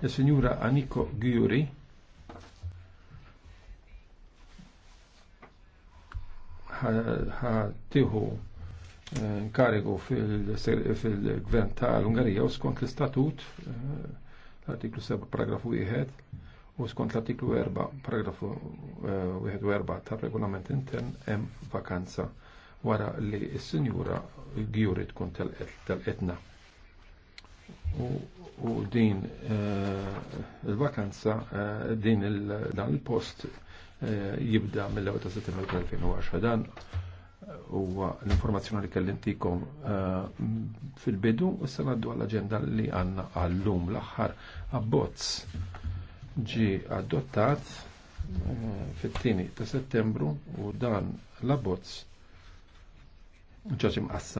la e Signora Aniko ha tiħu eh, nkarigu fil-gvern tal-Ungarija u skont l-istatut eh, l-artiklu 7 paragrafu 1 u skont l-artiklu 4 paragrafu 1 eh, u 4 ta' regolament intern hemm vakanza wara li s-sinjura Gjuri tkun tal-etna u din eh, il-vakanza eh, din dan il-post eh, jibda mill-1 ta' settembru 2010 dan huwa l-informazzjoni li kellintikom fil-bidu u se ngħaddu għall-aġenda li għandna għallum l-aħħar abbozz ġi adottat fit tini ta' settembru u dan l-abbozz ġaġim